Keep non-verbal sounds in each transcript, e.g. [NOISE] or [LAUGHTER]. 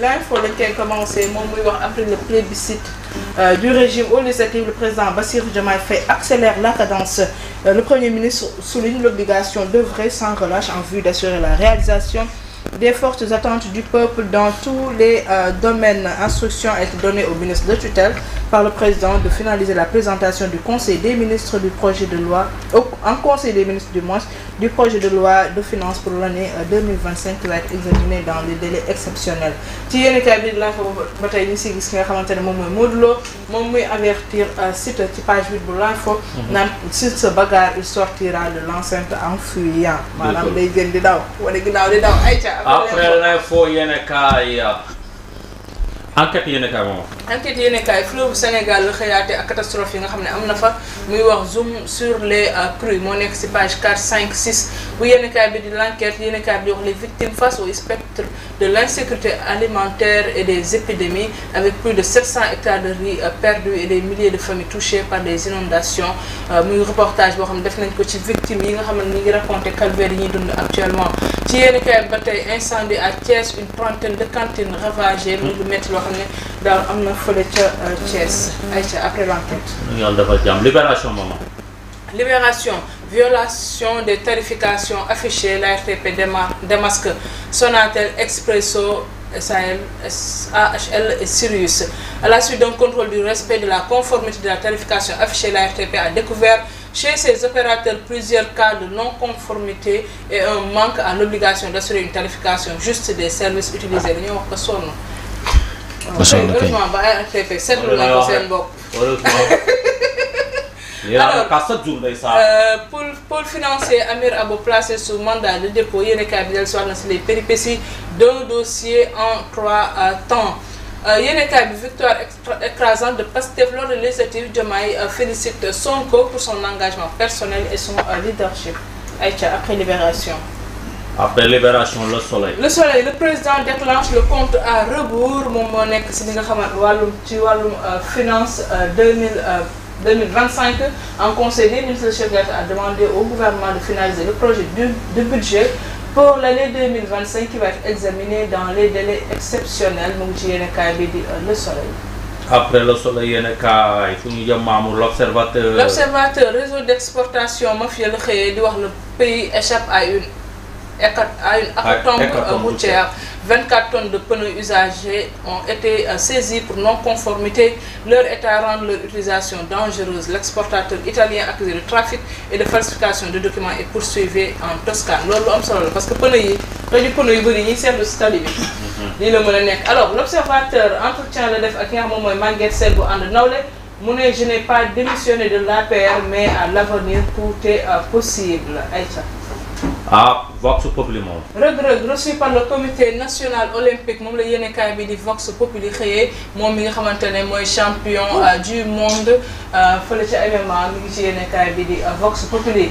l'info après le plébiscite euh, du régime au législatif, le président Bassirou Diomaye fait accélère la cadence euh, le premier ministre souligne l'obligation d'œuvrer sans relâche en vue d'assurer la réalisation des fortes attentes du peuple dans tous les euh, domaines. Instruction est donnée au ministre de tutelle par le président de finaliser la présentation du Conseil des ministres du projet de loi, en Conseil des ministres du mois, du projet de loi de finances pour l'année 2025 euh, qui va être examiné dans des délais exceptionnels. ci euh, site l'info. Mhm. bagarre sortira de l'enceinte en fuyant. Cioè, Apre le foglie ne caia. Anche piene camo. enquête kay fleuve Sénégal la xëyaate ak catastrophe yi nga xam amna fa muy wax zoom sur les euh, crues Mon nek ci page 4 5 6 bu kay bi di l'enquête kay bi wax les victimes face au spectre de l'insécurité alimentaire et des épidémies avec plus de 700 hectares de riz euh, perdus et des milliers de familles touchées par des inondations euh, muy reportage bo xam reportage def nañ ko ci victimes yi nga vu ne ngi raconter calvaire yi dund actuellement ci yéenekaay kay batay incendie à Thiès une trentaine de cantines ravagées muy lu metti loo dans fële uh, après l'enquête libération maman libération violation des tarifications affichées la RTP démasque Sonatel Expresso SAL, et Sirius. À la suite d'un contrôle du respect de la conformité de la tarification affichée, la RTP a découvert chez ses opérateurs plusieurs cas de non-conformité et un manque à l'obligation d'assurer une tarification juste des services utilisés alors pour pour financer Amir Abou placé sous mandat de dépôt il a bi dellusiwaat sur dans les péripéties d'un dossier en trois euh, temps euh, Il a kaay bi victoire écrasante de Pastef lors de Maï euh, félicite Sonko pour son engagement personnel et son leadership Aïcha après libération après libération le soleil. le soleil le président déclenche le compte à rebours Mon monnaie, c'est le nga euh, finance 2025 euh, euh, en conseil des ministres a demandé au gouvernement de finaliser le projet de budget pour l'année 2025 qui va être examiné dans les délais exceptionnels mon ci le soleil. après le soleil il kaay fu ñu l'observateur. l'observateur réseau d'exportation mafia le pays échappe à une. 24 ah, euh, tonnes de pneus usagés ont été euh, saisies pour non-conformité. Leur état rend leur utilisation dangereuse. L'exportateur italien accusé de trafic et de falsification de documents est poursuivi en Toscane. parce que pneus, mhm. Alors, l'observateur entretient le def avec dit que je n'ai pas démissionné de l'APR mais à l'avenir tout est euh, possible ah Vox Populi Monde. Regret reçu par le comité national olympique mon la yéenekaay bi di Vox Populi xëyee moom mi nga xamante champion euh, du monde euh, fële ca MMA mi ngi ci yéenekaay bi euh, Vox Populi.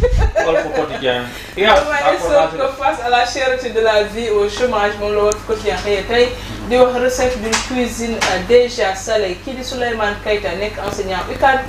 Golfe quotidien. [LAUGHS] à la de la vie au chômage mon lot Quotidien d'une cuisine euh, déjà salée Kidi enseignant UCAD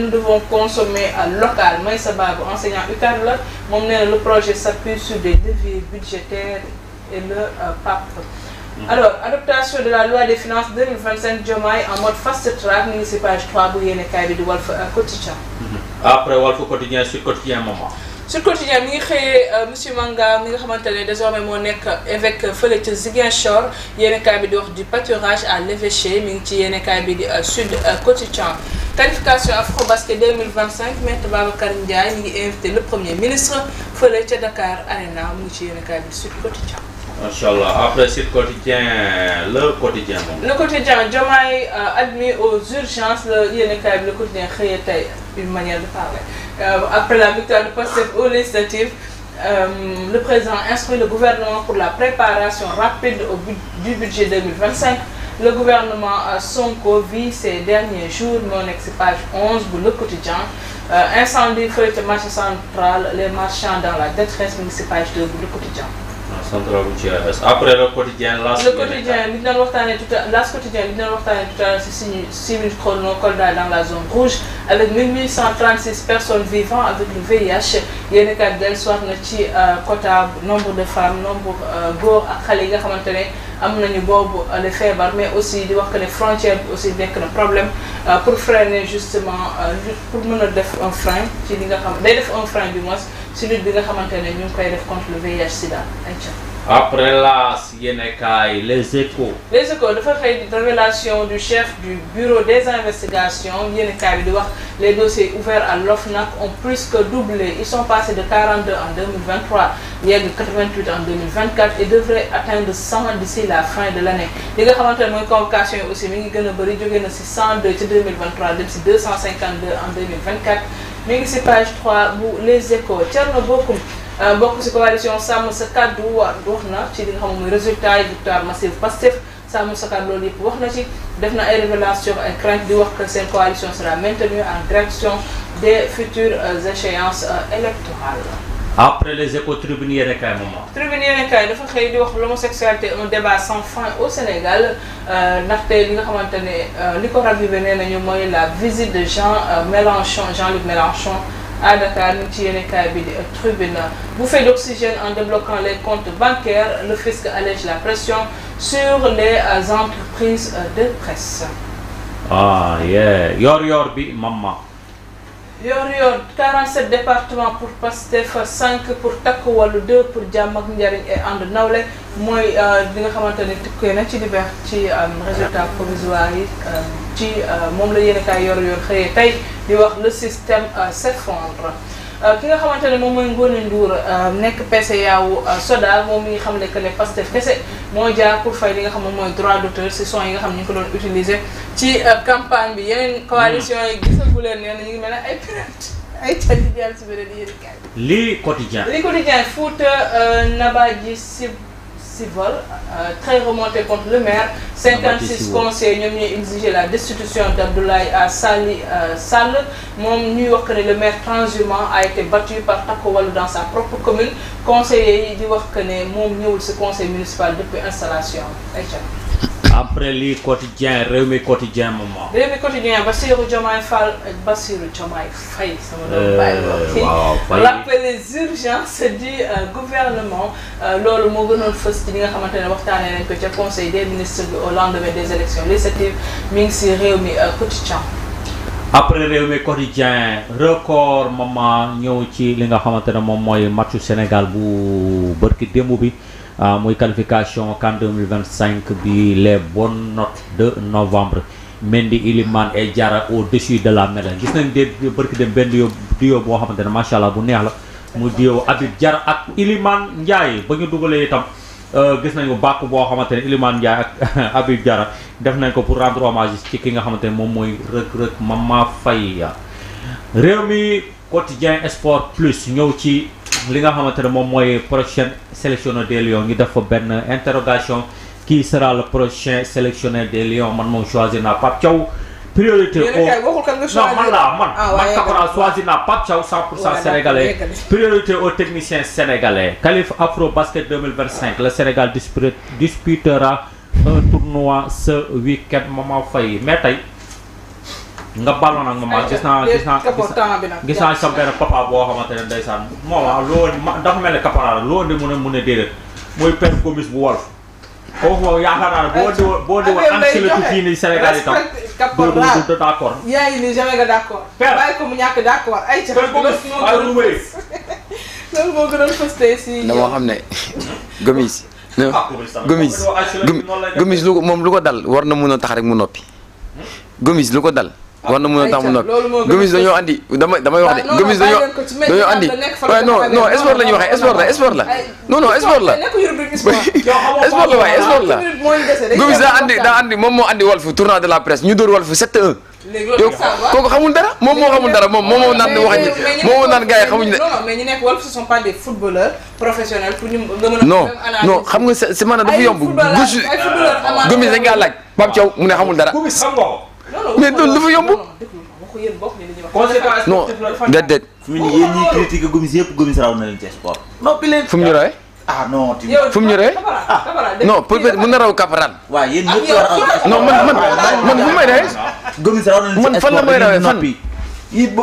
nous devons consommer euh, local Mais enseignant UCAD le projet s'appuie sur des devis budgétaires et le euh, pape alors adoption de la loi des finances 2025 Jomai en mode fast track c'est page 3 bi euh, Quotidien. Mhm. après Wolf Quotidien Sur Quotidien moment. Sud Quotidien M. Euh, monsieur Manga M. nga désormais mon nekk avec fële ca Ziguinchor y a du pâturage à l'évêché mi ci euh, Sud Quotidien. qualification basket 2025 M. Babacar Karindia, mi invité le premier ministre fële Dakar Arena il y a Sud Quotidien. Inch'Allah. Après ce quotidien, le quotidien. Le quotidien, Jamaï euh, admis aux urgences, le, le quotidien une manière de parler. Euh, après la victoire de Postep au législatif euh, le président inscrit le gouvernement pour la préparation rapide au du budget 2025. Le gouvernement Sonko vit ces derniers jours, mon ex-page 11, pour le quotidien. incendie, feuille de marché centrale, les marchands dans la détresse, municipale de le quotidien après le quotidien las. le quotidien le tout quotidien bi ñu doon tout à l'heure 6 000 dans la zone rouge avec 1836 personnes vivant avec le VIH Il y a kat dellusiwaat na ci euh, quota nombre de femmes nombre de euh, ak xale yi nga xamante ne am nañu euh, le mais aussi di wax que les frontières aussi nekk un problème pour freiner justement pour nous faire def un frein ci li nga day un frein du moins si lutte bi nga xamantene ñu contre le VIH sida après la yéenekaay les échos. les échos dafa les révélation du chef du bureau des investigations kay bi di wax les dossiers ouverts à l'OFNAC ont plus que doublé ils sont passés de 42 en 2023 de 88 en 2024 et devraient atteindre 100 d'ici la fin de l'année li nga xamantene une convocation aussi mi ngi gëna a bëri 602 na ci 102 ci 2023 252 en 2024. Mais c'est page 3 vous Les Échos Tiens, beaucoup, euh, beaucoup, de coalition sàmm sa kàddu wa wax résultat du victoire massive passif. Ça, sa kàddu loolu yëpp wax na ci def révélation et crainte de wax que cette coalition sera maintenue en direction des futures euh, échéances euh, électorales après les échos tribuniers Rekaay moom moom. tribunier Rekaay le xëy di wax l'homosexualité un débat sans fin au Sénégal euh, ndaxte li nga xamante ne euh, la visite de Jean euh, Mélenchon Jean-Luc Mélenchon. à Dakar nous ci yéenekaay bi di Vous bouffée d'oxygène en débloquant les comptes bancaires le fisc allège la pression sur les entreprises de presse. ah yeah yor-yor bi maman. Il y a 47 départements pour Pastef 5 pour TACO, 2 pour jàmm ak njariñ et ànd nawle mooy di euh, nga xamante ni tukkee na ci liber ci euh, résultat provisoire yi euh, ci moom la yéen kaay yor yor le système s'effondre Euh, ki nga xamante ne moom mooy Ngone Ndour euh, nekk PCA wu euh, Soda moom mi ngi xam ne que ne Pastef kese moo jaar pour fay li nga mooy droit d'auteur si son yi nga xam ñu ngi ko doon utiliser ci campagne bi yeneen hmm. coalition yi gisagu leen nee na ñu ngi mel ne ay pirate ay candi dial si beneen yéen kaay lii quotidien lii quotidien Fouta Naba ji si si euh, très remonté contre le maire 56 conseillers ont exigé la destitution d'Abdoulaye euh, Sali euh, Salle. le maire transhumant a été battu par Takowal dans sa propre commune Conseiller, conseiller di que conseil municipal depuis installation après les quotidien réunis quotidien maman. réew quotidien sama euh, urgences du euh, gouvernement euh, Lors moo gënoon fës ci nga la c'est des ministres au lendemain des élections législatives Mingsi quotidien. après quotidien record maman ci li nga Sénégal bu Ah, muy qualification CAN 2025 bi les bonnes notes de novembre Mendy Iliman et Diarra au-dessus de la mêlée gis nañ de bërki dem benn yo duo boo xamante ne allah bu neex la mu duo Habib Diarra ak Iliman Ndiaye ba ñu dugalee itam euh, gis nañ ko bàkk boo xamante ne Iliman Ndiaye ak [LAUGHS] Habib Diarra def nañ ko pour rendre hommage ci ki nga xamante ne moom mooy Reug ma ma Faye réew mi quotidien sport plus ñëw ci li nga xamante ne moom mooy prochain sélectionneur des Lions ngi def fa benn interrogation qui sera le prochain sélectionneur des Lions man moom choisir naa Pape Thiaw priorité au non man laa man ah, man Camara choisir naa Pape Thiaw 100% sénégalais priorité aux techniciens sénégalais Calif Afro Basket la Sénégal disputera un tournoi ce week-end Maman Faye mais tey nga baal ma nag maman gis naa gis naa gis naa sa benn papa boo xamante ne ndeysaan moo waaw ah, loolu dafa mel ne caporal loolu de mun a mun a déedéet mooy père commis bu Walf kooku moom yaakaar naa ne boo di boo di woon ancelotti fii nii Sénégal itam doo doo doo d'accord yaa ngi nii jamais nga d'accord bàyyi ko mu ñàkk d'accord ay ca [LAUGHS] loolu moo gënoon fëstee si dama xam ne [LAUGHS] gomis ah, gomis gomis lu ko moom lu ko dal war na mun a tax rek mu noppi gomis lu ko dal war na mën a tax mu nag gomis dañoo andi damay damay wax de gomis dañoo dañoo andi waaye non non sport la ñuy waxee sport la sport la non non sport la sport la waaye sport la gomis daa andi daa moom moo andi Walf tournoi la presse ñu dóor Walf 7-1 yow xamul dara moom xamul dara moom moo naan wax ji moom moo naan gars yi xamuñ ne. non mais ñi nekk Walf ce sont pas des footballeurs professionnels pour a. non xam yomb. ay footballeurs ay footballeurs gomis dañ mu ne xamul dara. mais loolu dafa yomb. non déedéet. fu mu ne yéen ñiy critiqué Gomis yëpp Gomis raw na leen ci sport. noppi leen fu mu ñu rawee. ah non tamit fu mu ñu rawee. Ah. non pour mën na raw Kaparane. waaw yéen ñëpp ah, war a non man man man bu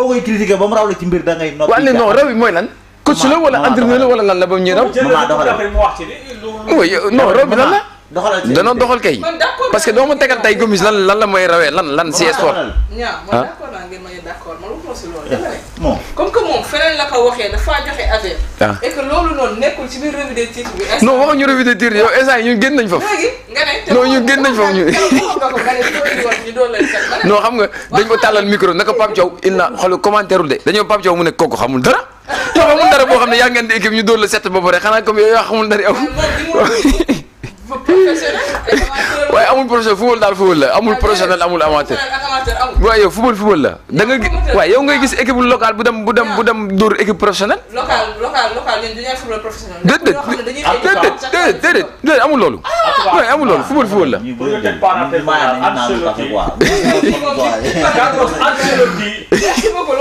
la ci mbir da ngay non raw yi mooy lan. coach la wala entraîneur la ba mu ñuy raw. maman dafa non raw bi lan la. doxalal seen dana doxal kay. parce que doo ma tegal tey gomis lan lan la may rawee lan lan. si sport ah moom comme que moom feneen la ko waxee dafa joxe affaire. ah et que loolu biir revue de titre bi. non waxuñu revue de nañ foofu. non ñun génn nañ foofu ñu. non xam nga dañ ko tàllal micro naka Pape Thiaw il a xool commentaire de dañoo Pape Thiaw mu ne kooku xamul dara. yow xamul dara boo xam ne yaa ngeen di équipe ñu dóor la set ba pare xanaa kom yow yaa xamul dara yow. professionnel. [LAUGHS] waaye amul projet football daal football la amul ah, professionnel amul amateur. waaye football football la. da nga waaye yow ngay gis équipe locale bu dem bu dem bu dem dóor équipe professionnelle. local local local ñun du ñu football professionnel. déedéet ah, déedéet déedéet amul loolu. waaye ah, amul loolu football